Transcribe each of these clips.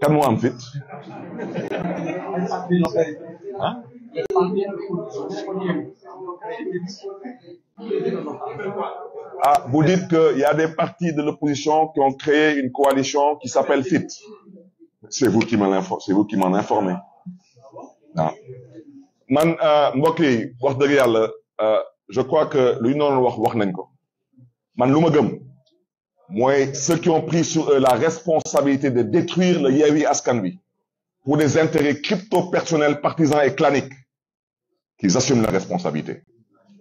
kan moo am fit ah ah vous dites que y a des partis de l'opposition qui ont créé une coalition qui s'appelle FIT c'est vous qui m'en informez ah. man euh, mbokk yi wax dëgg yàlla euh, je crois que lu ñu noonu wax wax nañ ko man lu ma mooy ceux qui ont pris sur eux la responsabilité de détruire le Yewwi Askan Wi pour des intérêts crypto-personnels partisans et claniques qu'ils assument la responsabilité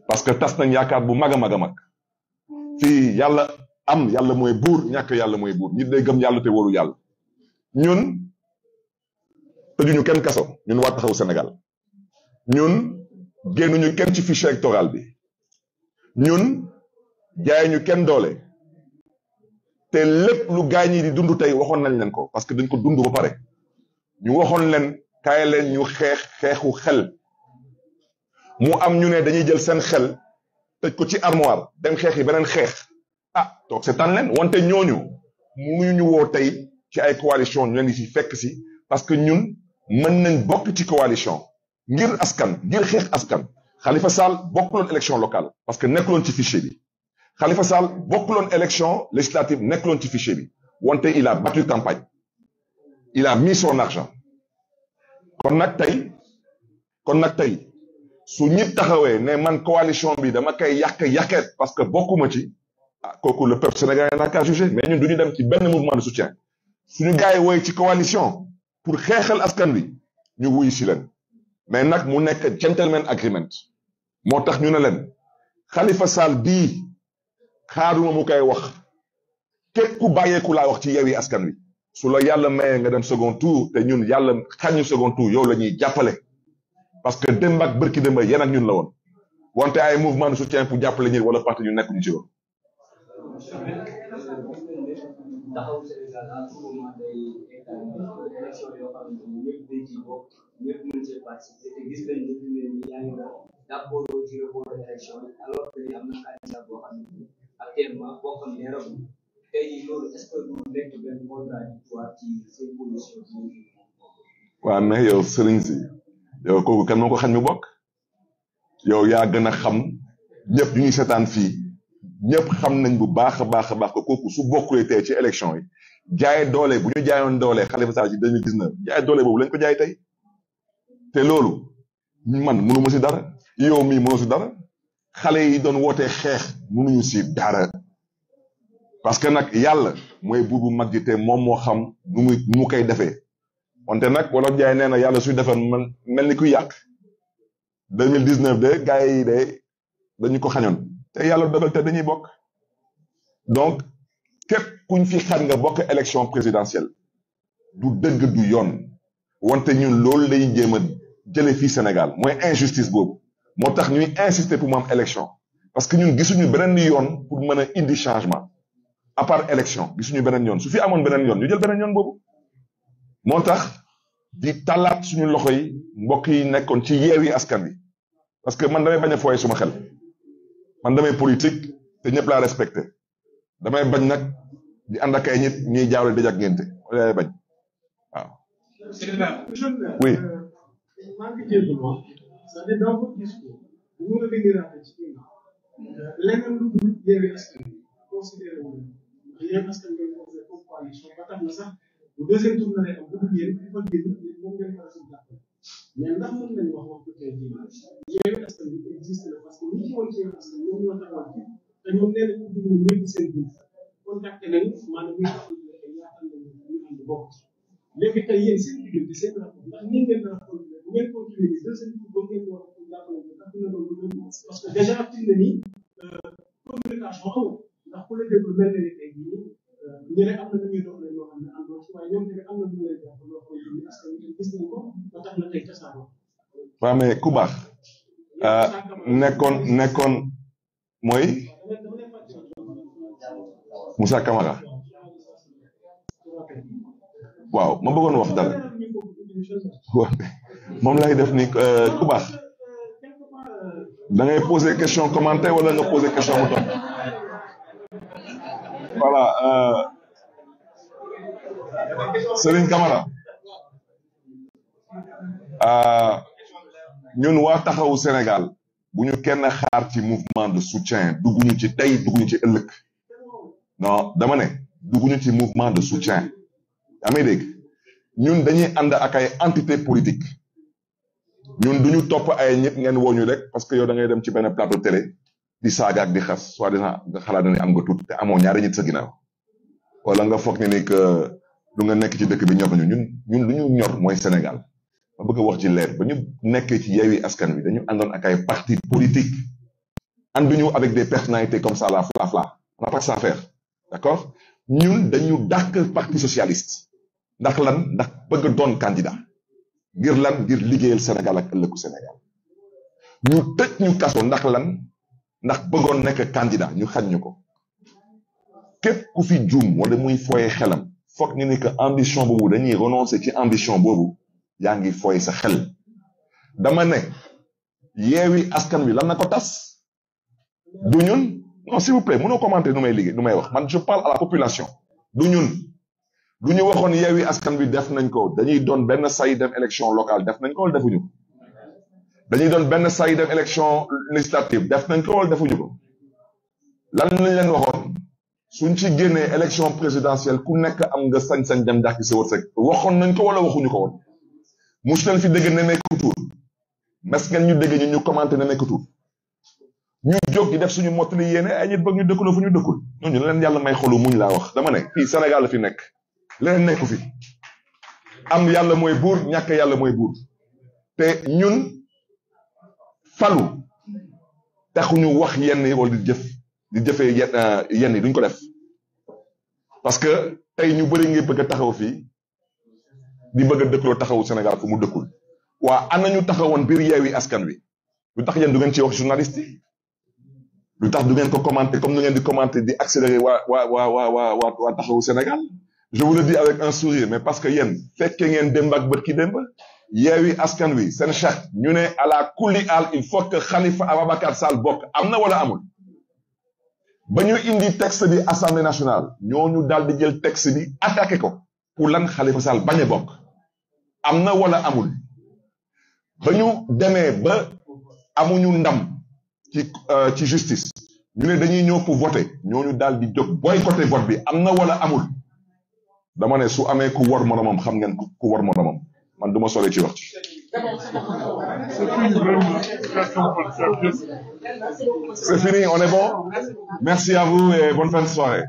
parce que tas nañ yaakaar bu mag a mag a mag fii yàlla am yàlla mooy buur ñàkk yàlla mooy buur nit day gëm yàlla te wóolu yàlla ñun tëjuñu kenn kaso ñun waa taxawu Sénégal ñun génnuñu kenn ci fichier électoral bi ñun jaayuñu kenn doole te lépp lu gaañ yi di dund tey waxoon nañ leen ko parce que dañ ko dund ba pare ñu waxoon leen kaay leen ñu xeex xeexu xel mu am ñu ne dañuy jël seen xel tëj ko ci armoire dem xeex yi beneen xeex ah toog seetaan leen wante ñooñu mënuñu ñu woo tey ci ay coalition ñu leen di si fekk si parce que ñun mën nañ bokk ci coalition ngir askan ngir xeex askan Khalifa Sall bokkuloon élection local parce que nekkuloon ci fichier bi Khalifa Sall bokkuloon élection législative nekkuloon ci fichier bi wante il a battu campagne il a mis son argent kon nag tey kon nag tey su ñit taxawee ne man coalition bi dama koy yàq yàqeet parce que bokkuma ci ah kooku le peuple sénégalais n'a qu'à juger mais ñun du ñu dem ci benn mouvement de soutien suñu gars yi woy ci coalition pour xeexal askan bi ñu wuyu si leen mais nag mu nekk gentleman agreement moo tax ñu ne leen Khalifa Sall bi xaaruma mu koy wax képp ku bàyyeeku laa wax ci Yewwi Askan Wi su la yàlla mayee nga dem second tour te ñun yàlla xañu second tour yow la ñuy jàppale parce que démb ak bërki démb ak ñun la woon wante ay mouvement de soutien pour jàppale ñi wala parti ñu nekk ñu ci woon actuellement bokkam ne waaw mais yow sëriñ si yow kooku kan moo ko xañ mu bokk yow yaa gën a xam ñëpp ñu ngi seetaan fii ñëpp xam nañ bu baax a baax a baax ko kooku su bokkulee tey ci élection yi jaaye doole bu ñu jaayoon doole Khalifa Sall ci 2019 jaay doole boobu lañ ko jaay tey te loolu man mënu ma si dara yow mii mënoo si dara xale yi doon wootee xeex mënuñu si daara parce que nag yàlla mooy buur bu mag ji te moom moo xam nu mu koy defee wante nag wala jaay nee na yàlla suy defar man mel ni ku yàq de gars yi de dañu ko xañoon te yàlla dogal te dañuy bokk donc képp kuñ fi xañ nga bokk élection présidentielle du dëgg du yoon wante ñun loolu lañuy jéem a jële fii Sénégal mooy injustice boobu moo tax ñuy insister pour moom am élection parce que ñun gisuñu beneen yoon pour mën a indi changement à part élection gisuñu beneen yoon su fi amoon beneen yoon ñu jël beneen yoon boobu moo tax di talaat suñu loxo yi mbokk yi nekkoon ci yeewi askan wi parce que man damay bañ a fooye suma xel man damay politique te ñëpp laa respecté damay bañ nag di ànd ak ay nit ñuy jaawle dëj ak ngénte wala bañ waaw. oui. Euh, dama ko gis ko bu ma gën a rafet ci kii euh, leneen lu dul yeewi askan bi considéré wu ndax yeewi na sax bu deuxième tour na lay am génn moom ngeen war a suñu wax wax dëgg yeewi askan bi existe na parce que ñi ci woon ci yeewi askan ñoom ñoo taxawal ci te ñoom nee nañu ubbi na ñëpp seen bunt contacté nañu maanaam bokk waaye ñoom tamit am na lu ñu leen jàpp loo xamante ni askan wi gis nañ ko ba tax na tey tasaaroo. waaw mais ku baax. Ah, nekkoon nekkoon mooy. Moussa Camara. waaw ma bëggoon wax dara. moom lay def ni euh, ku baax. da ngay poser question Serigne Camara ah, ñun waa taxawu senegal bu ñu kenn xaar ci mouvement de soutien dugguñu ci tey dugguñu ci ëllëg non dama ne dugguñu ci mouvement de soutien amee dégg ñun dañuy ànd ak ay entité politique ñun ñu topp ay ñëpp ngeen woo ñu rek parce que yow da dem ci benn plateau télé di saaga ak di xas soit disant nga xalaat ne am nga tuuti te amoo ñaari nit sa ginnaaw wala nga foog lu nga nekk ci dëkk bi ñor nañu ñun ñun lu ñu ñor mooy Sénégal ma bëgg a wax ci leer ba ñu nekkee ci Yewwi Askan Wi dañu àndoon ak ay parti politique ànduñu avec des personnalités comme ça la fla fla on n'a pas ça à faire d'accord ñun dañu dàq parti socialiste ndax lan ndax bëgg doon candidat ngir lan ngir liggéeyal Sénégal ak ëllëgu Sénégal ñu tëj ñu kaso ndax lan ndax bëggoon nekk candidat ñu xañ ñu ko képp ku fi juum wala muy foyee xelam foog nga ni que ambition boobu dañuy renoncer ci ambition boobu yaa ngi fooy sa xel dama ne yeewi askan wi lan na ko tas du ñun non s'il vous plaît mënoo commenter nu may liggéey nu may wax man je parle à la population du ñun du ñu waxoon yeewi askan wi def nañ ko dañuy doon benn say dem élection locale def nañ ko wala defuñu ko dañuy doon benn say dem élection législative def nañ ko wala defuñu ko lan lañ leen waxoon suñ ci génnee élection présidentielle ku nekk am nga sañ-sañ dem dàq sa wërsëg waxoon nañ ko wala waxuñu ko mu mos leen fi dégg ne nekk tuur mes ngeen ñu dégg ñu ñu commenté ne nekk tuur ñu jóg di def suñu mottali yéene ay nit bëgg ñu dëkkuloo fu ñu dëkkul ñooñu leen yàlla may xolu muñ laa wax dama ne fii Sénégal la fi nekk leneen nekku fi am yàlla mooy buur ñàkk yàlla mooy buur te ñun falu taxuñu wax yenn yi jëf di jëfee yenn yi duñ ko def parce que tey ñu bëri ngay bëgg a taxaw fii di bëgg a dëkkaloo taxawu Sénégal fu mu dëkkul waa am na ñu taxawoon biir Yewwi Askan Wi lu tax yéen du ngeen ci wax journaliste yi lu tax du ngeen ko commenter comme nu ngeen di commenter di accélérer waa waa waa waa waa taxawu Sénégal je vous le dis mais parce que yéen fekke ngeen démb ak bët ki démb Yewwi Askan Wi seen charte ñu ne à la kulli al il faut que Khalifa Ababacar Sall bokk am na wala amul. ba ñu indi texte bi assemblée nationale ñooñu daal di jël texte bi attaqué ko pour lan Khalifa Sall bañ a bokk am na wala amul ba ñu demee ba amuñu ndam ci euh, ci justice ñu ne dañuy ñëw pour voter ñu daal di jóg boycotté vote bi am na wala amul dama ne su amee ku war moromam xam ngeen ku war moromam man du ma sore ci wax ci C'est fini, on est bon Merci à vous et bonne fin de soirée.